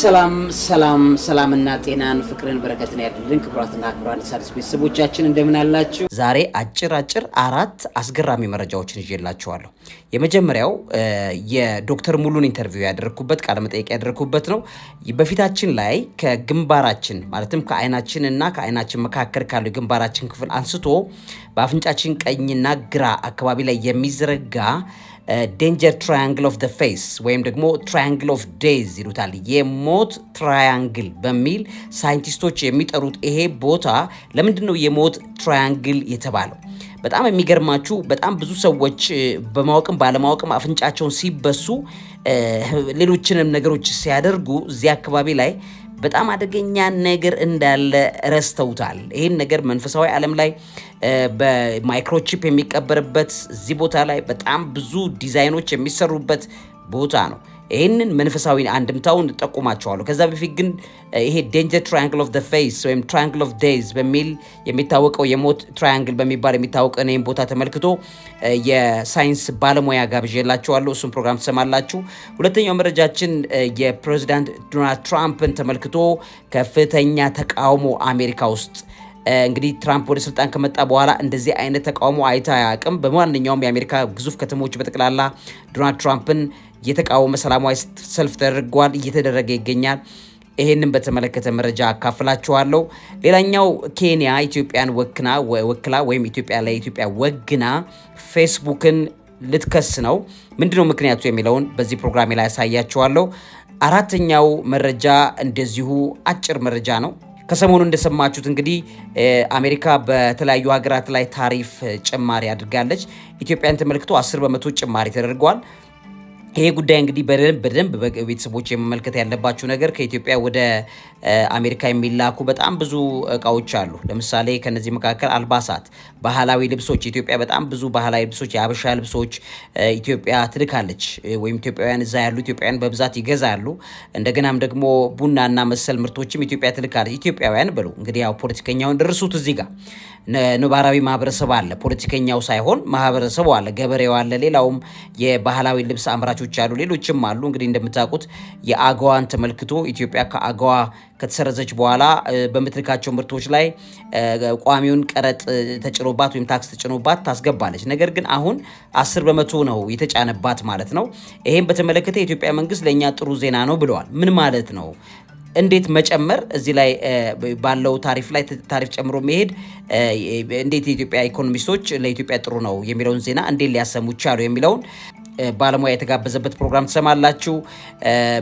ሰላም ሰላም ሰላምና ጤናን ፍቅርን በረከትን ያድልን። ክቡራትና ክቡራን ሣድስ ቤተሰቦቻችን እንደምን አላችሁ? ዛሬ አጭር አጭር አራት አስገራሚ መረጃዎችን ይዤላችኋለሁ። የመጀመሪያው የዶክተር ሙሉን ኢንተርቪው ያደረግኩበት ቃለ መጠይቅ ያደረግኩበት ነው። በፊታችን ላይ ከግንባራችን ማለትም ከዓይናችን እና ከዓይናችን መካከል ካለው የግንባራችን ክፍል አንስቶ በአፍንጫችን ቀኝና ግራ አካባቢ ላይ የሚዘረጋ ዴንጀር ትራያንግል ኦፍ ደ ፌስ ወይም ደግሞ ትራያንግል ኦፍ ዴዝ ይሉታል። የሞት ትራያንግል በሚል ሳይንቲስቶች የሚጠሩት ይሄ ቦታ ለምንድን ነው የሞት ትራያንግል የተባለው? በጣም የሚገርማችሁ በጣም ብዙ ሰዎች በማወቅም ባለማወቅም አፍንጫቸውን ሲበሱ ሌሎችንም ነገሮች ሲያደርጉ እዚህ አካባቢ ላይ በጣም አደገኛ ነገር እንዳለ ረስተውታል። ይህን ነገር መንፈሳዊ ዓለም ላይ በማይክሮቺፕ የሚቀበርበት እዚህ ቦታ ላይ በጣም ብዙ ዲዛይኖች የሚሰሩበት ቦታ ነው። ይህንን መንፈሳዊ አንድምታውን ጠቁማቸዋለሁ። ከዛ በፊት ግን ይሄ ዴንጀር ትራያንግል ኦፍ ፌስ ወይም ትራያንግል ኦፍ ዴይዝ በሚል የሚታወቀው የሞት ትራያንግል በሚባል የሚታወቀ ይህን ቦታ ተመልክቶ የሳይንስ ባለሙያ ጋብዤላችኋለሁ። እሱን ፕሮግራም ትሰማላችሁ። ሁለተኛው መረጃችን የፕሬዚዳንት ዶናልድ ትራምፕን ተመልክቶ ከፍተኛ ተቃውሞ አሜሪካ ውስጥ እንግዲህ ትራምፕ ወደ ስልጣን ከመጣ በኋላ እንደዚህ አይነት ተቃውሞ አይታ አያውቅም። በማንኛውም የአሜሪካ ግዙፍ ከተሞች በጠቅላላ ዶናልድ ትራምፕን የተቃወመ ሰላማዊ ሰልፍ ተደርጓል፣ እየተደረገ ይገኛል። ይህንም በተመለከተ መረጃ አካፍላችኋለሁ። ሌላኛው ኬንያ ኢትዮጵያን ወክና ወክላ ወይም ኢትዮጵያ ላይ ኢትዮጵያ ወግና ፌስቡክን ልትከስ ነው። ምንድነው ምክንያቱ የሚለውን በዚህ ፕሮግራሜ ላይ ያሳያችኋለሁ። አራተኛው መረጃ እንደዚሁ አጭር መረጃ ነው። ከሰሞኑ እንደሰማችሁት እንግዲህ አሜሪካ በተለያዩ ሀገራት ላይ ታሪፍ ጭማሪ አድርጋለች። ኢትዮጵያን ተመልክቶ 10 በመቶ ጭማሪ ተደርጓል። ይሄ ጉዳይ እንግዲህ በደንብ በደንብ ቤተሰቦች መመልከት ያለባችሁ ነገር ከኢትዮጵያ ወደ አሜሪካ የሚላኩ በጣም ብዙ እቃዎች አሉ። ለምሳሌ ከነዚህ መካከል አልባሳት፣ ባህላዊ ልብሶች። ኢትዮጵያ በጣም ብዙ ባህላዊ ልብሶች፣ የሀበሻ ልብሶች ኢትዮጵያ ትልካለች፣ ወይም ኢትዮጵያውያን እዛ ያሉ ኢትዮጵያውያን በብዛት ይገዛሉ። እንደገናም ደግሞ ቡናና መሰል ምርቶችም ኢትዮጵያ ትልካለች። ኢትዮጵያውያን ብለው እንግዲህ ያው ፖለቲከኛውን ደርሱት እዚህ ጋር ነባራዊ ማህበረሰብ አለ፣ ፖለቲከኛው ሳይሆን ማህበረሰቡ አለ፣ ገበሬው አለ፣ ሌላውም የባህላዊ ልብስ አምራቾች ወዳጆች አሉ፣ ሌሎችም አሉ። እንግዲህ እንደምታውቁት የአገዋን ተመልክቶ ኢትዮጵያ ከአገዋ ከተሰረዘች በኋላ በምትልካቸው ምርቶች ላይ ቋሚውን ቀረጥ ተጭኖባት ወይም ታክስ ተጭኖባት ታስገባለች። ነገር ግን አሁን አስር በመቶ ነው የተጫነባት ማለት ነው። ይሄን በተመለከተ የኢትዮጵያ መንግስት ለእኛ ጥሩ ዜና ነው ብለዋል። ምን ማለት ነው? እንዴት መጨመር እዚህ ላይ ባለው ታሪፍ ላይ ታሪፍ ጨምሮ መሄድ እንዴት የኢትዮጵያ ኢኮኖሚስቶች ለኢትዮጵያ ጥሩ ነው የሚለውን ዜና እንዴት ሊያሰሙ ቻሉ የሚለውን ባለሙያ የተጋበዘበት ፕሮግራም ትሰማላችሁ።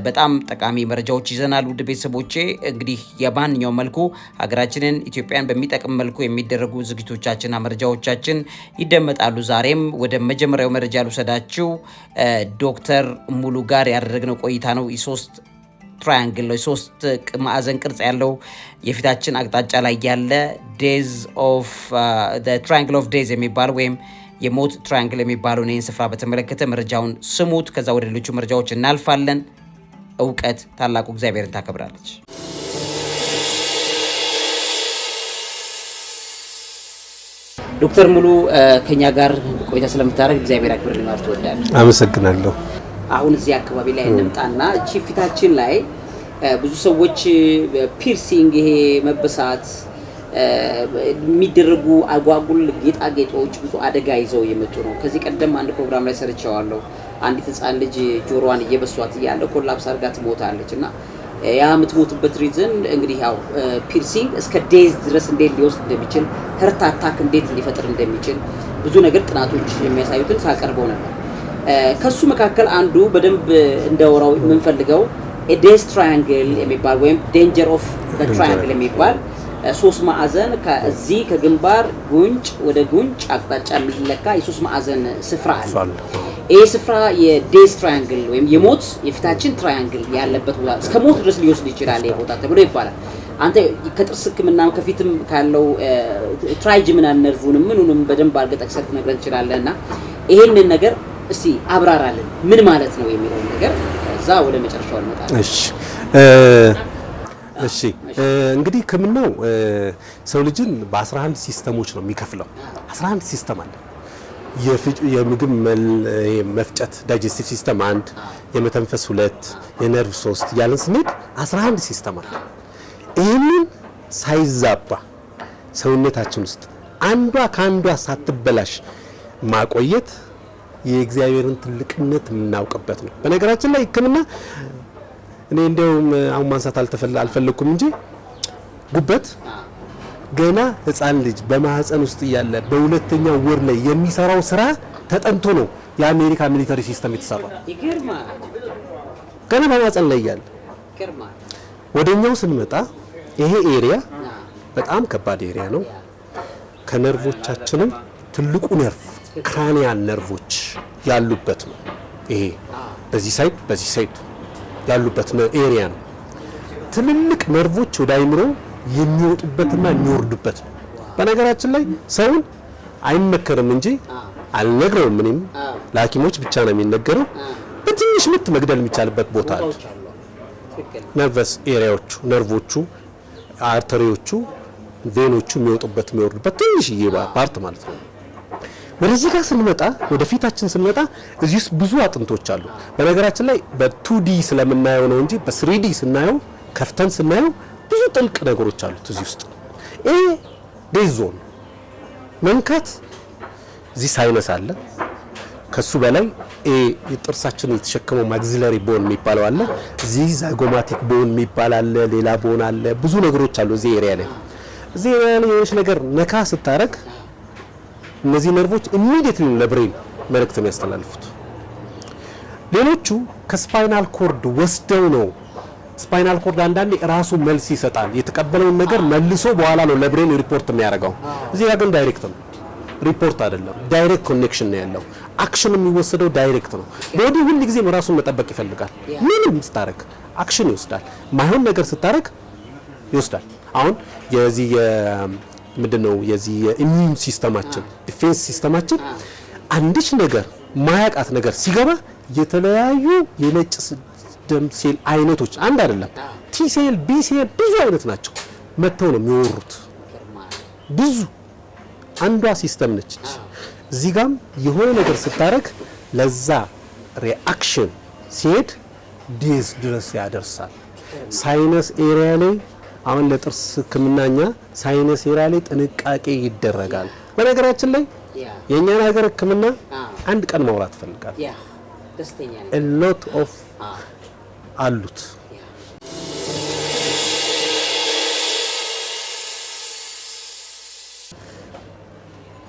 በጣም ጠቃሚ መረጃዎች ይዘናል። ውድ ቤተሰቦቼ እንግዲህ የማንኛው መልኩ ሀገራችንን ኢትዮጵያን በሚጠቅም መልኩ የሚደረጉ ዝግጅቶቻችንና መረጃዎቻችን ይደመጣሉ። ዛሬም ወደ መጀመሪያው መረጃ ልውሰዳችሁ። ዶክተር ሙሉ ጋር ያደረግነው ቆይታ ነው ሶስት ትራያንግል ነው ሶስት ማዕዘን ቅርጽ ያለው የፊታችን አቅጣጫ ላይ ያለ ዴዝ ኦፍ ትራያንግል ኦፍ ዴዝ የሚባል ወይም የሞት ትራያንግል የሚባለውን ይህን ስፍራ በተመለከተ መረጃውን ስሙት። ከዛ ወደ ሌሎቹ መረጃዎች እናልፋለን። እውቀት ታላቁ እግዚአብሔርን ታከብራለች። ዶክተር ሙሉ ከኛ ጋር ቆይታ ስለምታደረግ እግዚአብሔር አክብር ልማር ትወዳለሁ። አመሰግናለሁ። አሁን እዚህ አካባቢ ላይ እንምጣና ቺፊታችን ላይ ብዙ ሰዎች ፒርሲንግ፣ ይሄ መበሳት የሚደረጉ አጓጉል ጌጣጌጦች ብዙ አደጋ ይዘው የመጡ ነው። ከዚህ ቀደም አንድ ፕሮግራም ላይ ሰርቸዋለሁ። አንዲት ህፃን ልጅ ጆሮዋን እየበሷት እያለ ኮላፕስ አድርጋ ትሞታለች እና ያ የምትሞትበት ሪዝን እንግዲህ ያው ፒርሲንግ እስከ ዴዝ ድረስ እንዴት ሊወስድ እንደሚችል ህርት አታክ እንዴት ሊፈጥር እንደሚችል ብዙ ነገር ጥናቶች የሚያሳዩትን ሳቀርበው ነበር። ከሱ መካከል አንዱ በደንብ እንደወራው የምንፈልገው ዴዝ ትራያንግል የሚባል ወይም ዴንጀር ኦፍ ትራያንግል የሚባል ሶስት ማዕዘን ከዚህ ከግንባር ጉንጭ ወደ ጉንጭ አቅጣጫ የሚለካ የሶስት ማዕዘን ስፍራ አለ። ይህ ስፍራ የዴስ ትራያንግል ወይም የሞት የፊታችን ትራያንግል ያለበት ቦታ እስከ ሞት ድረስ ሊወስድ ይችላል ቦታ ተብሎ ይባላል። አንተ ከጥርስ ሕክምናም ከፊትም ካለው ትራይጅ ትራይጅምናል ነርቭንም ምኑንም በደንብ አድርገህ ጠቅሰህ ልትነግረን ትችላለህ። እና ይሄንን ነገር እስቲ አብራራልን ምን ማለት ነው የሚለውን ነገር ከዛ ወደ መጨረሻው እንመጣለን። እሺ እሺ እንግዲህ ህክምናው ሰው ልጅን በ11 ሲስተሞች ነው የሚከፍለው። 11 ሲስተም አለ። የምግብ መፍጨት ዳይጀስቲቭ ሲስተም አንድ፣ የመተንፈስ ሁለት፣ የነርቭ ሶስት እያለን ስንሄድ 11 ሲስተም አለ። ይህንን ሳይዛባ ሰውነታችን ውስጥ አንዷ ከአንዷ ሳትበላሽ ማቆየት የእግዚአብሔርን ትልቅነት የምናውቅበት ነው። በነገራችን ላይ ህክምና። እኔ እንዲያውም አሁን ማንሳት አልፈለኩም እንጂ ጉበት ገና ህፃን ልጅ በማህፀን ውስጥ እያለ በሁለተኛው ወር ላይ የሚሰራው ስራ ተጠንቶ ነው የአሜሪካ ሚሊተሪ ሲስተም የተሰራ። ገና በማህፀን ላይ እያለ ወደኛው ስንመጣ ይሄ ኤሪያ በጣም ከባድ ኤሪያ ነው። ከነርቮቻችንም ትልቁ ነርቭ ክራኒያል ነርቮች ያሉበት ነው። ይሄ በዚህ ሳይድ በዚህ ሳይድ ያሉበት ኤሪያ ነው። ትልልቅ ነርቮች ወደ አይምሮ የሚወጡበትና የሚወርዱበት ነው። በነገራችን ላይ ሰውን አይመከርም እንጂ አልነግረውም። እኔም ለሐኪሞች ብቻ ነው የሚነገረው። በትንሽ ምት መግደል የሚቻልበት ቦታ አለ። ነርቨስ ኤሪያዎቹ፣ ነርቮቹ፣ አርተሪዎቹ፣ ቬኖቹ የሚወጡበት የሚወርዱበት ትንሽዬ ፓርት ማለት ነው። ወደዚህ ጋር ስንመጣ ወደፊታችን ስንመጣ እዚህ ውስጥ ብዙ አጥንቶች አሉ። በነገራችን ላይ በቱዲ ስለምናየው ነው እንጂ በስሪዲ ስናየው ከፍተን ስናየው ብዙ ጥልቅ ነገሮች አሉት እዚህ ውስጥ። ይሄ ዴዝ ዞን መንካት እዚህ ሳይነስ አለ። ከሱ በላይ የጥርሳችን የተሸከመው ማግዚለሪ ቦን የሚባለው አለ። እዚህ ዛይጎማቲክ ቦን የሚባል አለ። ሌላ ቦን አለ። ብዙ ነገሮች አሉ እዚህ ኤሪያ ላይ። እዚህ ኤሪያ ላይ የሆነች ነገር ነካ ስታረግ እነዚህ ነርቮች ኢሚዲየትሊ ለብሬን መልእክት ነው ያስተላልፉት። ሌሎቹ ከስፓይናል ኮርድ ወስደው ነው። ስፓይናል ኮርድ አንዳንዴ ራሱ መልስ ይሰጣል። የተቀበለውን ነገር መልሶ በኋላ ነው ለብሬን ሪፖርት የሚያደርገው። እዚህ ጋር ግን ዳይሬክት ነው፣ ሪፖርት አይደለም። ዳይሬክት ኮኔክሽን ነው ያለው። አክሽን የሚወሰደው ዳይሬክት ነው። ቦዲ ሁል ጊዜም ራሱን መጠበቅ ይፈልጋል። ምንም ስታረግ አክሽን ይወስዳል። ማይሆን ነገር ስታረግ ይወስዳል። አሁን የዚህ ምንድነው የዚህ የኢሚዩን ሲስተማችን ዲፌንስ ሲስተማችን አንድች ነገር ማያቃት ነገር ሲገባ የተለያዩ የነጭ ደም ሴል አይነቶች አንድ አይደለም፣ ቲ ሴል፣ ቢ ሴል ብዙ አይነት ናቸው። መጥተው ነው የሚወሩት። ብዙ አንዷ ሲስተም ነች። እዚህ ጋም የሆነ ነገር ስታደርግ ለዛ ሪአክሽን ሲሄድ ዲስ ድረስ ያደርሳል። ሳይነስ ኤሪያ ላይ አሁን ለጥርስ ህክምናኛ እኛ ሳይነስ ላይ ጥንቃቄ ይደረጋል። በነገራችን ላይ የእኛን ሀገር ሕክምና ah. አንድ ቀን መውራት ፈልጋል። ሎት ኦፍ አሉት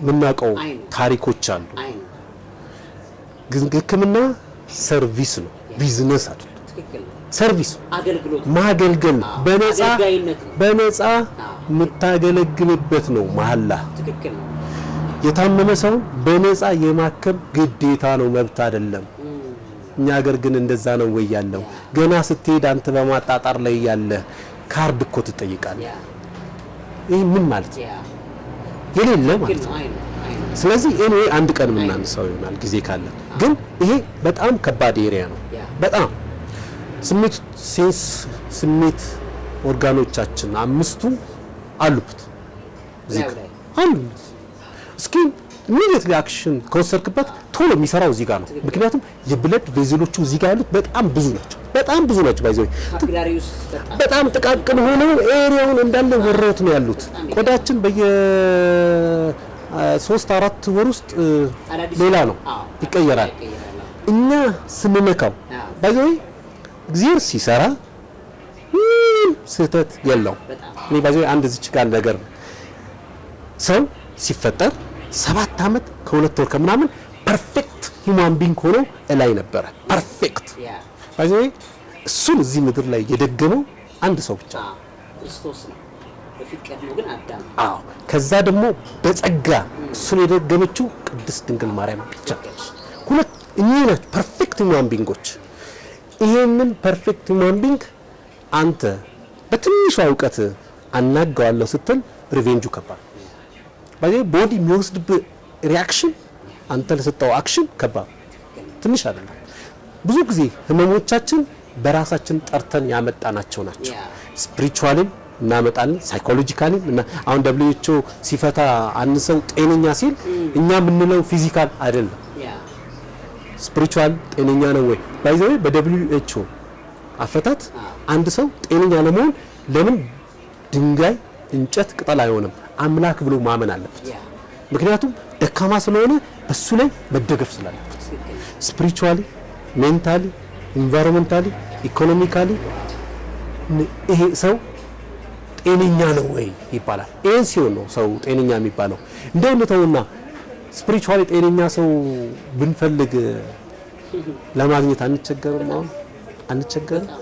የምናውቀው ታሪኮች አሉ። ግን ሰርቪስ ነው፣ ቢዝነስ አይደለም። ሰርቪስ ማገልገል በነፃ በነፃ የምታገለግልበት ነው። መሀላ የታመመ ሰውን በነፃ የማከም ግዴታ ነው፣ መብት አይደለም። እኛ ሀገር ግን እንደዛ ነው ወይ ያለው? ገና ስትሄድ አንተ በማጣጣር ላይ ያለ ካርድ እኮ ትጠይቃለህ። ይህ ምን ማለት የሌለ ማለት ነው። ስለዚህ እኔ አንድ ቀን የምናነሳው ይሆናል ጊዜ ካለን። ግን ይሄ በጣም ከባድ ኤሪያ ነው በጣም ስሜት ሴንስ ስሜት ኦርጋኖቻችን አምስቱ አሉበት። እዚህ ጋር አንዱ እስኪ ኢሚዲየትሊ አክሽን ከወሰድክበት ቶሎ የሚሰራው እዚህ ጋር ነው። ምክንያቱም የብለድ ቬዝሎቹ እዚህ ጋር ያሉት በጣም ብዙ ናቸው። በጣም ብዙ ናቸው። ባይዘው በጣም ጥቃቅን ሆነው ኤሪያውን እንዳለ ወረውት ነው ያሉት። ቆዳችን በየ ሶስት አራት ወር ውስጥ ሌላ ነው ይቀየራል። እኛ ስንነካው ባይዘው እግዚአብሔር ሲሰራ ስህተት የለው። እኔ ባዚ አንድ ዝች ጋር ነገር ሰው ሲፈጠር ሰባት ዓመት ከሁለት ወር ከምናምን ፐርፌክት ሂውማን ቢንግ ሆኖ እላይ ነበረ። ፐርፌክት ባዚ እሱን እዚህ ምድር ላይ የደገመው አንድ ሰው ብቻ ክርስቶስ ነው። አዎ ከዛ ደግሞ በጸጋ እሱን የደገመችው ቅድስት ድንግል ማርያም ብቻ። ሁለት እኚህ ፐርፌክት ሂውማን ቢንጎች ይሄንን ፐርፌክት ሁማን ቢንግ አንተ በትንሿ እውቀት አናገዋለሁ ስትል ሪቬንጁ ከባድ ባይ ቦዲ የሚወስድብህ ሪያክሽን አንተ ለሰጠው አክሽን ከባድ ትንሽ አይደለም። ብዙ ጊዜ ህመሞቻችን በራሳችን ጠርተን ያመጣናቸው ናቸው። ስፒሪቹዋልም እናመጣለን ሳይኮሎጂካልም እና አሁን ደብሊው ኤች ኦ ሲፈታ አንድ ሰው ጤነኛ ሲል እኛ የምንለው ፊዚካል አይደለም ስፕሪቹዋል ጤነኛ ነው ወይ? ባይዘው በደብሊዩ ኤች ኦ አፈታት አንድ ሰው ጤነኛ ለመሆን ለምን ድንጋይ፣ እንጨት፣ ቅጠል አይሆንም አምላክ ብሎ ማመን አለበት። ምክንያቱም ደካማ ስለሆነ በሱ ላይ መደገፍ ስላለበት ስፕሪቹዋሊ፣ ሜንታሊ፣ ኢንቫይሮንመንታሊ፣ ኢኮኖሚካሊ ይሄ ሰው ጤነኛ ነው ወይ ይባላል። ይህን ሲሆን ነው ሰው ጤነኛ የሚባለው እንደው እንተውና ስፒሪቹዋሊ ጤነኛ ሰው ብንፈልግ ለማግኘት አንቸገርም። አሁን አንቸገርም።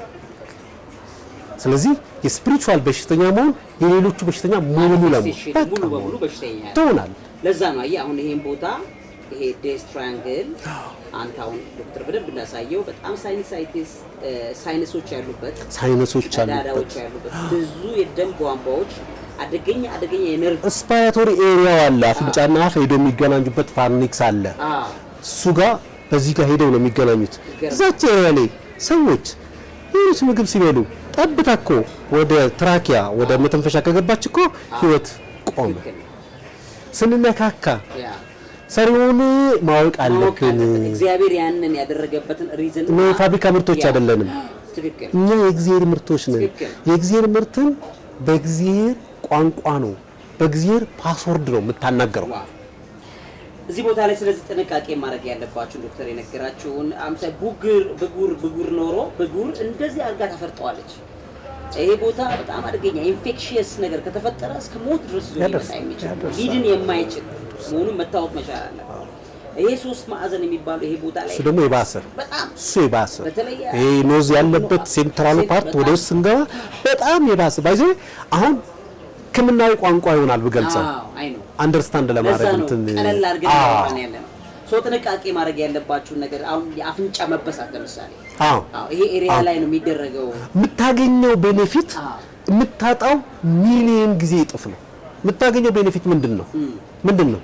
ስለዚህ የስፕሪቹዋል በሽተኛ መሆን የሌሎቹ በሽተኛ ሙሉ ለሙሉ በቃ ትሆናለህ። ለዛ ነው አየህ አሁን ይሄን ቦታ ይሄ ዴስ ትራያንግል አንተ አሁን ዶክተር በደንብ እንዳሳየው በጣም ሳይንሳይቲስ ሳይነሶች ያሉበት ሳይነሶች ያሉበት ብዙ የደም ቧንቧዎች አደገኛ አደገኛ የነርቭ ስፓያቶሪ ኤሪያው አለ። አፍንጫና አፍ ሄደው የሚገናኙበት ፋርኒክስ አለ። እሱ ጋር በዚህ ጋር ሄደው ነው የሚገናኙት። እዛች ኤሪያ ላይ ሰዎች ይህች ምግብ ሲበሉ ጠብታ እኮ ወደ ትራኪያ ወደ መተንፈሻ ከገባች እኮ ህይወት ቆመ። ስንነካካ ሰሪውን ማወቅ አለብን። እግዚአብሔር ያንን ያደረገበትን ሪዝን ፋብሪካ ምርቶች አይደለንም እኛ የእግዚአብሔር ምርቶች ነን። የእግዚአብሔር ምርትን በእግዚአብሔር ቋንቋ ነው፣ በእግዚአብሔር ፓስወርድ ነው የምታናገረው። እዚህ ቦታ ላይ ስለዚህ ጥንቃቄ ማድረግ ያለባችሁን ዶክተር የነገራችሁን አምሳ ብጉር ብጉር ብጉር ኖሮ ብጉር እንደዚህ አድርጋ ታፈርጠዋለች። ይሄ ቦታ በጣም አደገኛ ኢንፌክሽየስ ነገር ከተፈጠረ እስከ ሞት ድረስ ሊመጣ የሚችል ሊድን የማይችል መሆኑን መታወቅ መቻል አለ። ይሄ ሶስት ማዕዘን የሚባለው ይሄ ቦታ ላይ ደግሞ የባሰ እሱ የባሰ ይሄ ኖዝ ያለበት ፓርት ወደ ውስጥ ስንገባ በጣም የባሰ ባይዘ አሁን ቋንቋ ይሆናል ብገልጸው አንደርስታንድ ለማድረግ እንትን ቀለል አድርገን ያለ ነው። ሰው ጥንቃቄ ማድረግ ያለባችሁን ነገር አሁን የአፍንጫ መበሳት ለምሳሌ፣ አዎ፣ ይሄ ኤሪያ ላይ ነው የሚደረገው። የምታገኘው ቤኔፊት የምታጣው ሚሊየን ጊዜ ይጥፍ ነው። የምታገኘው ቤኔፊት ምንድን ነው? ምንድን ነው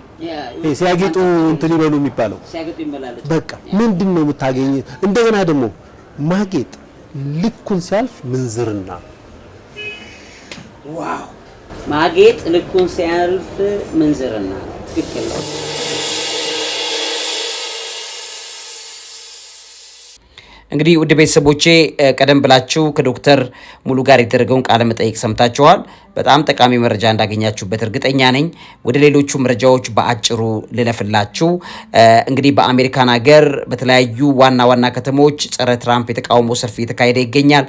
ሲያጌጡ እንትን ይበሉ የሚባለው በቃ ምንድን ነው የምታገኝ? እንደገና ደግሞ ማጌጥ ልኩን ሲያልፍ ምንዝርና ዋው! ማጌጥ ልኩን ሲያልፍ ምንዝርና ትክክል ነው። እንግዲህ ውድ ቤተሰቦቼ ቀደም ብላችሁ ከዶክተር ሙሉ ጋር የተደረገውን ቃለ መጠይቅ ሰምታችኋል። በጣም ጠቃሚ መረጃ እንዳገኛችሁበት እርግጠኛ ነኝ። ወደ ሌሎቹ መረጃዎች በአጭሩ ልለፍላችሁ። እንግዲህ በአሜሪካን ሀገር በተለያዩ ዋና ዋና ከተሞች ጸረ ትራምፕ የተቃውሞ ሰልፍ እየተካሄደ ይገኛል።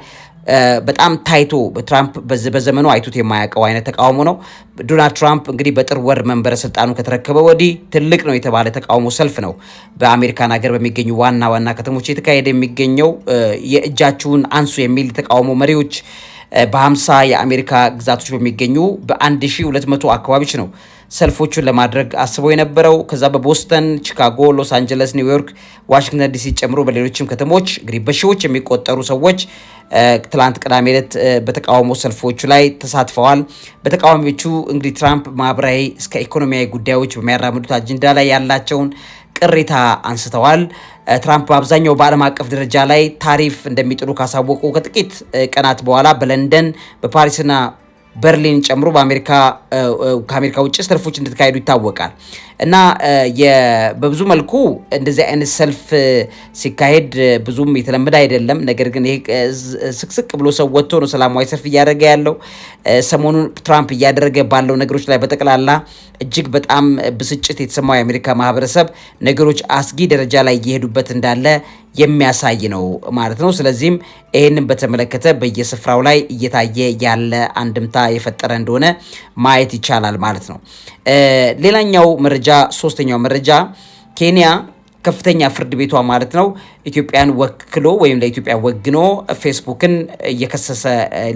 በጣም ታይቶ ትራምፕ በዘመኑ አይቶት የማያውቀው አይነት ተቃውሞ ነው። ዶናልድ ትራምፕ እንግዲህ በጥር ወር መንበረ ስልጣኑ ከተረከበ ወዲህ ትልቅ ነው የተባለ ተቃውሞ ሰልፍ ነው በአሜሪካን ሀገር በሚገኙ ዋና ዋና ከተሞች የተካሄደ የሚገኘው የእጃችሁን አንሱ የሚል ተቃውሞ መሪዎች በ50 የአሜሪካ ግዛቶች በሚገኙ በ1200 አካባቢዎች ነው ሰልፎቹን ለማድረግ አስበው የነበረው። ከዛ በቦስተን፣ ቺካጎ፣ ሎስ አንጀለስ፣ ኒውዮርክ፣ ዋሽንግተን ዲሲ ጨምሮ በሌሎችም ከተሞች እንግዲህ በሺዎች የሚቆጠሩ ሰዎች ትላንት ቅዳሜ ዕለት በተቃውሞ ሰልፎቹ ላይ ተሳትፈዋል። በተቃዋሚዎቹ እንግዲህ ትራምፕ ማህበራዊ እስከ ኢኮኖሚያዊ ጉዳዮች በሚያራምዱት አጀንዳ ላይ ያላቸውን ቅሬታ አንስተዋል። ትራምፕ በአብዛኛው በዓለም አቀፍ ደረጃ ላይ ታሪፍ እንደሚጥሉ ካሳወቁ ከጥቂት ቀናት በኋላ በለንደን በፓሪስና በርሊን ጨምሮ ከአሜሪካ ውጭ ሰልፎች እንደተካሄዱ ይታወቃል እና በብዙ መልኩ እንደዚህ አይነት ሰልፍ ሲካሄድ ብዙም የተለመደ አይደለም። ነገር ግን ይሄ ስቅስቅ ብሎ ሰው ወጥቶ ነው ሰላማዊ ሰልፍ እያደረገ ያለው። ሰሞኑን ትራምፕ እያደረገ ባለው ነገሮች ላይ በጠቅላላ እጅግ በጣም ብስጭት የተሰማው የአሜሪካ ማህበረሰብ ነገሮች አስጊ ደረጃ ላይ እየሄዱበት እንዳለ የሚያሳይ ነው ማለት ነው። ስለዚህም ይህንን በተመለከተ በየስፍራው ላይ እየታየ ያለ አንድምታ የፈጠረ እንደሆነ ማየት ይቻላል ማለት ነው። ሌላኛው መረጃ ሶስተኛው መረጃ ኬንያ ከፍተኛ ፍርድ ቤቷ ማለት ነው ኢትዮጵያን ወክሎ ወይም ለኢትዮጵያ ወግኖ ፌስቡክን እየከሰሰ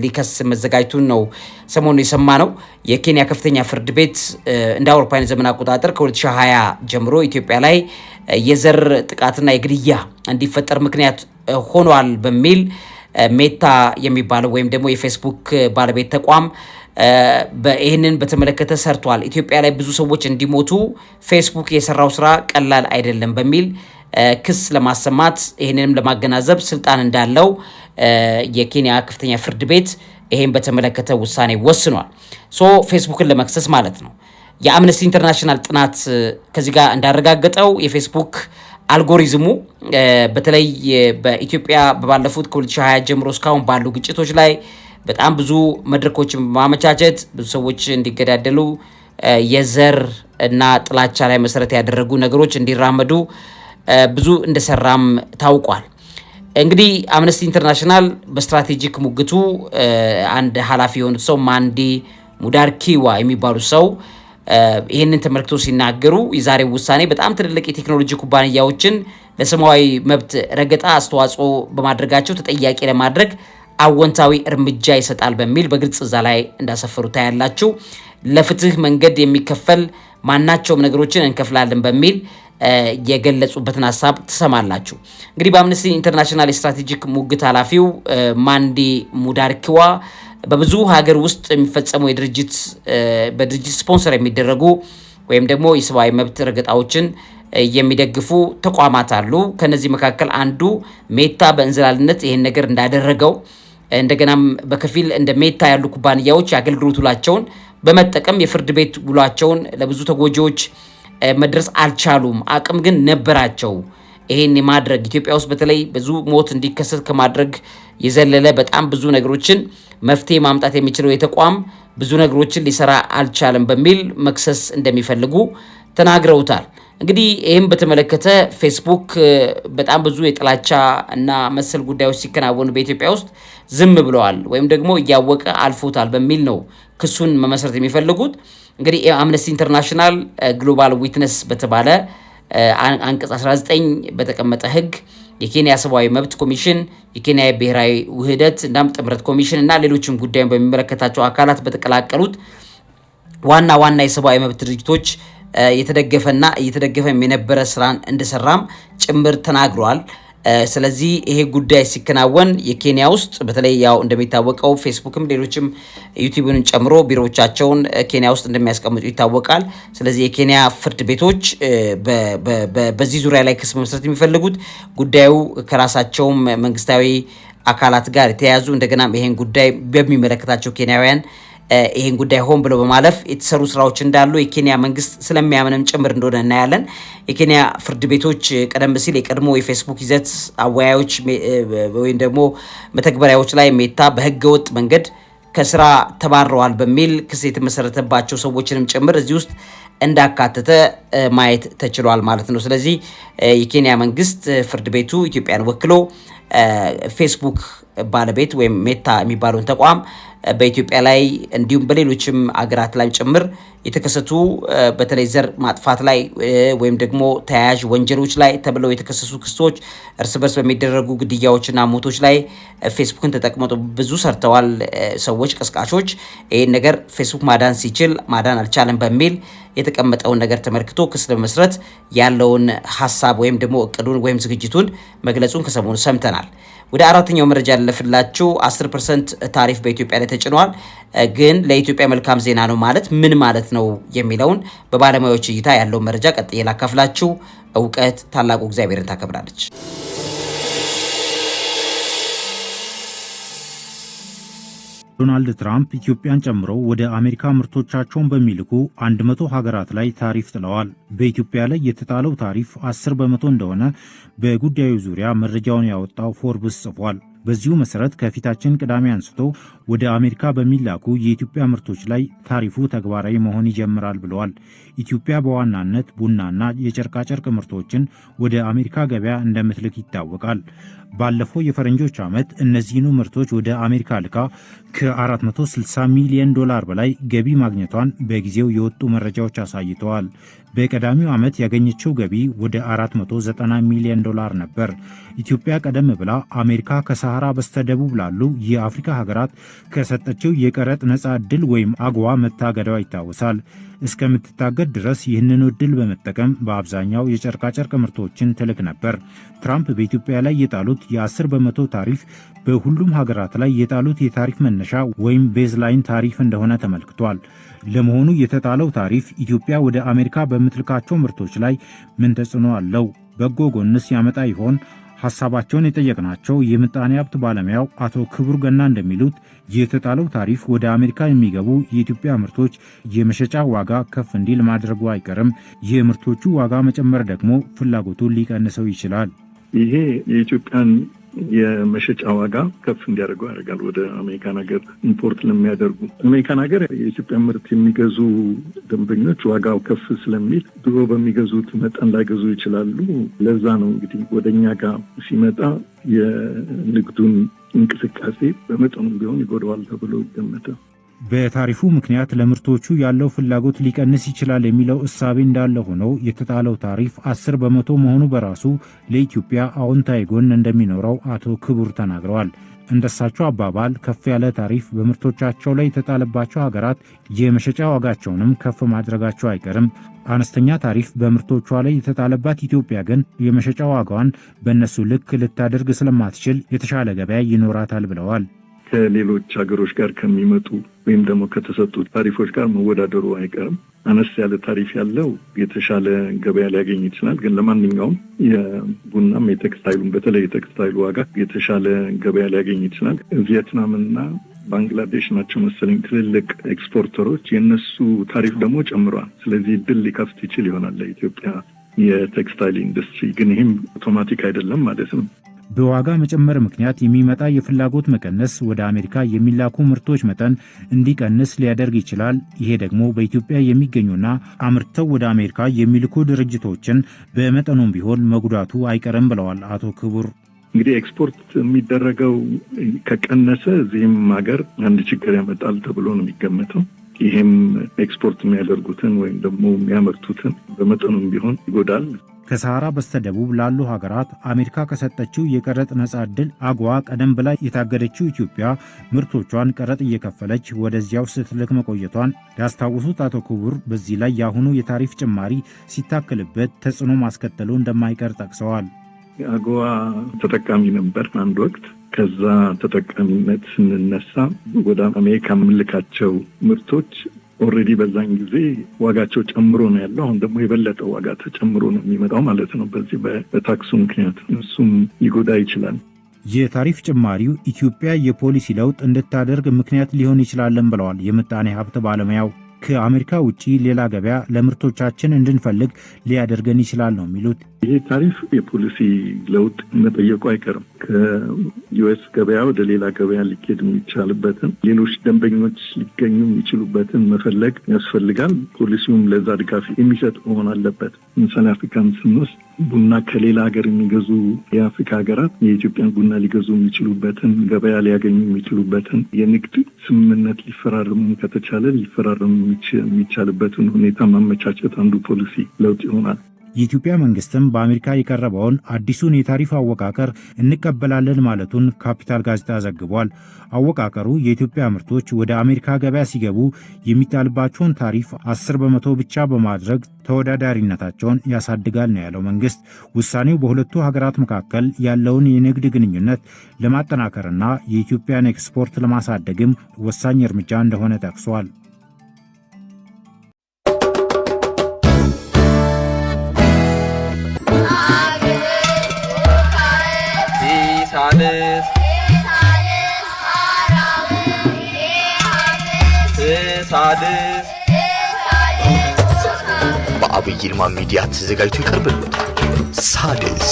ሊከስ መዘጋጀቱን ነው ሰሞኑ የሰማ ነው። የኬንያ ከፍተኛ ፍርድ ቤት እንደ አውሮፓውያን ዘመን አቆጣጠር ከ2020 ጀምሮ ኢትዮጵያ ላይ የዘር ጥቃትና የግድያ እንዲፈጠር ምክንያት ሆኗል በሚል ሜታ የሚባለው ወይም ደግሞ የፌስቡክ ባለቤት ተቋም ይህንን በተመለከተ ሰርቷል። ኢትዮጵያ ላይ ብዙ ሰዎች እንዲሞቱ ፌስቡክ የሰራው ስራ ቀላል አይደለም በሚል ክስ ለማሰማት ይህንንም ለማገናዘብ ስልጣን እንዳለው የኬንያ ከፍተኛ ፍርድ ቤት ይህን በተመለከተ ውሳኔ ወስኗል። ሶ ፌስቡክን ለመክሰስ ማለት ነው። የአምነስቲ ኢንተርናሽናል ጥናት ከዚህ ጋር እንዳረጋገጠው የፌስቡክ አልጎሪዝሙ በተለይ በኢትዮጵያ ባለፉት ከ2020 ጀምሮ እስካሁን ባሉ ግጭቶች ላይ በጣም ብዙ መድረኮችን በማመቻቸት ብዙ ሰዎች እንዲገዳደሉ የዘር እና ጥላቻ ላይ መሰረት ያደረጉ ነገሮች እንዲራመዱ ብዙ እንደሰራም ታውቋል። እንግዲህ አምነስቲ ኢንተርናሽናል በስትራቴጂክ ሙግቱ አንድ ኃላፊ የሆኑት ሰው ማንዲ ሙዳርኪዋ የሚባሉ ሰው ይህንን ተመልክቶ ሲናገሩ የዛሬው ውሳኔ በጣም ትልልቅ የቴክኖሎጂ ኩባንያዎችን ለሰማያዊ መብት ረገጣ አስተዋጽኦ በማድረጋቸው ተጠያቂ ለማድረግ አወንታዊ እርምጃ ይሰጣል በሚል በግልጽ እዛ ላይ እንዳሰፈሩ ታያላችሁ። ለፍትህ መንገድ የሚከፈል ማናቸውም ነገሮችን እንከፍላለን በሚል የገለጹበትን ሀሳብ ትሰማላችሁ። እንግዲህ በአምነስቲ ኢንተርናሽናል የስትራቴጂክ ሙግት ኃላፊው ማንዲ ሙዳርኪዋ በብዙ ሀገር ውስጥ የሚፈጸሙ የድርጅት በድርጅት ስፖንሰር የሚደረጉ ወይም ደግሞ የሰብአዊ መብት ረገጣዎችን የሚደግፉ ተቋማት አሉ። ከነዚህ መካከል አንዱ ሜታ በእንዝላልነት ይህን ነገር እንዳደረገው እንደገናም በከፊል እንደ ሜታ ያሉ ኩባንያዎች የአገልግሎት ውላቸውን በመጠቀም የፍርድ ቤት ውሏቸውን ለብዙ ተጎጂዎች መድረስ አልቻሉም። አቅም ግን ነበራቸው። ይሄን የማድረግ ኢትዮጵያ ውስጥ በተለይ ብዙ ሞት እንዲከሰት ከማድረግ የዘለለ በጣም ብዙ ነገሮችን መፍትሄ ማምጣት የሚችለው የተቋም ብዙ ነገሮችን ሊሰራ አልቻለም በሚል መክሰስ እንደሚፈልጉ ተናግረውታል። እንግዲህ ይህም በተመለከተ ፌስቡክ በጣም ብዙ የጥላቻ እና መሰል ጉዳዮች ሲከናወኑ በኢትዮጵያ ውስጥ ዝም ብለዋል ወይም ደግሞ እያወቀ አልፎታል በሚል ነው ክሱን መመስረት የሚፈልጉት። እንግዲህ አምነስቲ ኢንተርናሽናል ግሎባል ዊትነስ በተባለ አንቀጽ 19 በተቀመጠ ህግ የኬንያ ሰብአዊ መብት ኮሚሽን፣ የኬንያ ብሔራዊ ውህደት እናም ጥምረት ኮሚሽን እና ሌሎችም ጉዳዩን በሚመለከታቸው አካላት በተቀላቀሉት ዋና ዋና የሰብአዊ መብት ድርጅቶች የተደገፈና እየተደገፈ የነበረ ስራን እንደሰራም ጭምር ተናግሯል። ስለዚህ ይሄ ጉዳይ ሲከናወን የኬንያ ውስጥ በተለይ ያው እንደሚታወቀው ፌስቡክም ሌሎችም ዩቲዩብን ጨምሮ ቢሮዎቻቸውን ኬንያ ውስጥ እንደሚያስቀምጡ ይታወቃል። ስለዚህ የኬንያ ፍርድ ቤቶች በዚህ ዙሪያ ላይ ክስ መመስረት የሚፈልጉት ጉዳዩ ከራሳቸውም መንግስታዊ አካላት ጋር የተያያዙ እንደገናም ይሄን ጉዳይ በሚመለከታቸው ኬንያውያን ይህን ጉዳይ ሆን ብሎ በማለፍ የተሰሩ ስራዎች እንዳሉ የኬንያ መንግስት ስለሚያምንም ጭምር እንደሆነ እናያለን። የኬንያ ፍርድ ቤቶች ቀደም ሲል የቀድሞ የፌስቡክ ይዘት አወያዮች ወይም ደግሞ መተግበሪያዎች ላይ ሜታ በህገ ወጥ መንገድ ከስራ ተባረዋል በሚል ክስ የተመሰረተባቸው ሰዎችንም ጭምር እዚህ ውስጥ እንዳካተተ ማየት ተችሏል ማለት ነው። ስለዚህ የኬንያ መንግስት ፍርድ ቤቱ ኢትዮጵያን ወክሎ ፌስቡክ ባለቤት ወይም ሜታ የሚባለውን ተቋም በኢትዮጵያ ላይ እንዲሁም በሌሎችም አገራት ላይ ጭምር የተከሰቱ በተለይ ዘር ማጥፋት ላይ ወይም ደግሞ ተያያዥ ወንጀሎች ላይ ተብለው የተከሰሱ ክሶች፣ እርስ በርስ በሚደረጉ ግድያዎችና ሞቶች ላይ ፌስቡክን ተጠቅመጡ ብዙ ሰርተዋል ሰዎች ቀስቃሾች። ይህን ነገር ፌስቡክ ማዳን ሲችል ማዳን አልቻለም በሚል የተቀመጠውን ነገር ተመልክቶ ክስ ለመስረት ያለውን ሀሳብ ወይም ደግሞ እቅዱን ወይም ዝግጅቱን መግለጹን ከሰሞኑ ሰምተናል። ወደ አራተኛው መረጃ ያለፍላችሁ 10 ፐርሰንት ታሪፍ በኢትዮጵያ ላይ ተጭኗል። ግን ለኢትዮጵያ መልካም ዜና ነው ማለት ምን ማለት ነው የሚለውን በባለሙያዎች እይታ ያለውን መረጃ ቀጥዬ ላካፍላችሁ። እውቀት ታላቁ እግዚአብሔርን ታከብራለች። ዶናልድ ትራምፕ ኢትዮጵያን ጨምሮ ወደ አሜሪካ ምርቶቻቸውን በሚልኩ 100 ሀገራት ላይ ታሪፍ ጥለዋል። በኢትዮጵያ ላይ የተጣለው ታሪፍ 10 በመቶ እንደሆነ በጉዳዩ ዙሪያ መረጃውን ያወጣው ፎርብስ ጽፏል። በዚሁ መሰረት ከፊታችን ቅዳሜ አንስቶ ወደ አሜሪካ በሚላኩ የኢትዮጵያ ምርቶች ላይ ታሪፉ ተግባራዊ መሆን ይጀምራል ብለዋል። ኢትዮጵያ በዋናነት ቡናና የጨርቃጨርቅ ምርቶችን ወደ አሜሪካ ገበያ እንደምትልክ ይታወቃል። ባለፈው የፈረንጆች ዓመት እነዚህኑ ምርቶች ወደ አሜሪካ ልካ ከ460 ሚሊዮን ዶላር በላይ ገቢ ማግኘቷን በጊዜው የወጡ መረጃዎች አሳይተዋል። በቀዳሚው ዓመት ያገኘችው ገቢ ወደ 490 ሚሊዮን ዶላር ነበር። ኢትዮጵያ ቀደም ብላ አሜሪካ ከሰሃራ በስተደቡብ ላሉ የአፍሪካ ሀገራት ከሰጠችው የቀረጥ ነፃ ዕድል ወይም አግዋ መታገዷ ይታወሳል። እስከምትታገድ ድረስ ይህንን ዕድል በመጠቀም በአብዛኛው የጨርቃጨርቅ ምርቶችን ትልክ ነበር። ትራምፕ በኢትዮጵያ ላይ የጣሉት የ10 በመቶ ታሪፍ በሁሉም ሀገራት ላይ የጣሉት የታሪፍ መነሻ ወይም ቤዝላይን ታሪፍ እንደሆነ ተመልክቷል። ለመሆኑ የተጣለው ታሪፍ ኢትዮጵያ ወደ አሜሪካ በምትልካቸው ምርቶች ላይ ምን ተጽዕኖ አለው? በጎ ጎንስ ያመጣ ይሆን? ሐሳባቸውን የጠየቅናቸው የምጣኔ ሀብት ባለሙያው አቶ ክቡር ገና እንደሚሉት የተጣለው ታሪፍ ወደ አሜሪካ የሚገቡ የኢትዮጵያ ምርቶች የመሸጫ ዋጋ ከፍ እንዲል ማድረጉ አይቀርም። የምርቶቹ ዋጋ መጨመር ደግሞ ፍላጎቱን ሊቀንሰው ይችላል። ይሄ የኢትዮጵያን የመሸጫ ዋጋ ከፍ እንዲያደርገው ያደርጋል። ወደ አሜሪካን ሀገር ኢምፖርት ለሚያደርጉ አሜሪካን ሀገር የኢትዮጵያ ምርት የሚገዙ ደንበኞች ዋጋው ከፍ ስለሚል ድሮ በሚገዙት መጠን ላይገዙ ይችላሉ። ለዛ ነው እንግዲህ ወደ እኛ ጋር ሲመጣ የንግዱን እንቅስቃሴ በመጠኑም ቢሆን ይጎደዋል ተብሎ ይገመታል። በታሪፉ ምክንያት ለምርቶቹ ያለው ፍላጎት ሊቀንስ ይችላል የሚለው እሳቤ እንዳለ ሆነው የተጣለው ታሪፍ 10 በመቶ መሆኑ በራሱ ለኢትዮጵያ አዎንታዊ ጎን እንደሚኖረው አቶ ክቡር ተናግረዋል። እንደሳቸው አባባል ከፍ ያለ ታሪፍ በምርቶቻቸው ላይ የተጣለባቸው ሀገራት የመሸጫ ዋጋቸውንም ከፍ ማድረጋቸው አይቀርም። አነስተኛ ታሪፍ በምርቶቿ ላይ የተጣለባት ኢትዮጵያ ግን የመሸጫ ዋጋዋን በእነሱ ልክ ልታደርግ ስለማትችል የተሻለ ገበያ ይኖራታል ብለዋል። ከሌሎች ሀገሮች ጋር ከሚመጡ ወይም ደግሞ ከተሰጡ ታሪፎች ጋር መወዳደሩ አይቀርም። አነስ ያለ ታሪፍ ያለው የተሻለ ገበያ ሊያገኝ ይችላል። ግን ለማንኛውም የቡናም የቴክስታይሉን በተለይ የቴክስታይሉ ዋጋ የተሻለ ገበያ ሊያገኝ ይችላል። ቪየትናምና ባንግላዴሽ ናቸው መሰለኝ ትልልቅ ኤክስፖርተሮች። የእነሱ ታሪፍ ደግሞ ጨምሯል። ስለዚህ ድል ሊከፍት ይችል ይሆናል ለኢትዮጵያ የቴክስታይል ኢንዱስትሪ። ግን ይህም አውቶማቲክ አይደለም ማለት ነው። በዋጋ መጨመር ምክንያት የሚመጣ የፍላጎት መቀነስ ወደ አሜሪካ የሚላኩ ምርቶች መጠን እንዲቀንስ ሊያደርግ ይችላል። ይሄ ደግሞ በኢትዮጵያ የሚገኙና አምርተው ወደ አሜሪካ የሚልኩ ድርጅቶችን በመጠኑም ቢሆን መጉዳቱ አይቀርም ብለዋል አቶ ክቡር። እንግዲህ ኤክስፖርት የሚደረገው ከቀነሰ እዚህም ሀገር አንድ ችግር ያመጣል ተብሎ ነው የሚገመተው። ይህም ኤክስፖርት የሚያደርጉትን ወይም ደግሞ የሚያመርቱትን በመጠኑም ቢሆን ይጎዳል። ከሰሃራ በስተደቡብ ላሉ ሀገራት አሜሪካ ከሰጠችው የቀረጥ ነጻ ዕድል አግዋ ቀደም ብላ የታገደችው ኢትዮጵያ ምርቶቿን ቀረጥ እየከፈለች ወደዚያው ስትልክ መቆየቷን ያስታውሱት አቶ ክቡር በዚህ ላይ የአሁኑ የታሪፍ ጭማሪ ሲታክልበት ተጽዕኖ ማስከተሉ እንደማይቀር ጠቅሰዋል። አግዋ ተጠቃሚ ነበር አንድ ወቅት። ከዛ ተጠቃሚነት ስንነሳ ወደ አሜሪካ የምንልካቸው ምርቶች ኦልሬዲ በዛን ጊዜ ዋጋቸው ጨምሮ ነው ያለው። አሁን ደግሞ የበለጠ ዋጋ ተጨምሮ ነው የሚመጣው ማለት ነው በዚህ በታክሱ ምክንያት እሱም ሊጎዳ ይችላል። የታሪፍ ጭማሪው ኢትዮጵያ የፖሊሲ ለውጥ እንድታደርግ ምክንያት ሊሆን ይችላለን ብለዋል የምጣኔ ሀብት ባለሙያው። ከአሜሪካ ውጭ ሌላ ገበያ ለምርቶቻችን እንድንፈልግ ሊያደርገን ይችላል ነው የሚሉት። ይሄ ታሪፍ የፖሊሲ ለውጥ መጠየቁ አይቀርም። ከዩኤስ ገበያ ወደ ሌላ ገበያ ሊኬድ የሚቻልበትን ሌሎች ደንበኞች ሊገኙ የሚችሉበትን መፈለግ ያስፈልጋል። ፖሊሲውም ለዛ ድጋፍ የሚሰጥ መሆን አለበት። ምሳሌ አፍሪካን ስንወስድ ቡና ከሌላ ሀገር የሚገዙ የአፍሪካ ሀገራት የኢትዮጵያን ቡና ሊገዙ የሚችሉበትን ገበያ ሊያገኙ የሚችሉበትን የንግድ ስምምነት ሊፈራረሙ ከተቻለ ሊፈራረሙ የሚቻልበትን ሁኔታ ማመቻቸት አንዱ ፖሊሲ ለውጥ ይሆናል። የኢትዮጵያ መንግስትም በአሜሪካ የቀረበውን አዲሱን የታሪፍ አወቃቀር እንቀበላለን ማለቱን ካፒታል ጋዜጣ ዘግቧል። አወቃቀሩ የኢትዮጵያ ምርቶች ወደ አሜሪካ ገበያ ሲገቡ የሚጣልባቸውን ታሪፍ 10 በመቶ ብቻ በማድረግ ተወዳዳሪነታቸውን ያሳድጋል ነው ያለው መንግስት። ውሳኔው በሁለቱ ሀገራት መካከል ያለውን የንግድ ግንኙነት ለማጠናከርና የኢትዮጵያን ኤክስፖርት ለማሳደግም ወሳኝ እርምጃ እንደሆነ ጠቅሷል። ሀብስ ሳድስ በአብይ ይልማ ሚዲያ ተዘጋጅቶ ይቀርብልዎታል። ሳድስ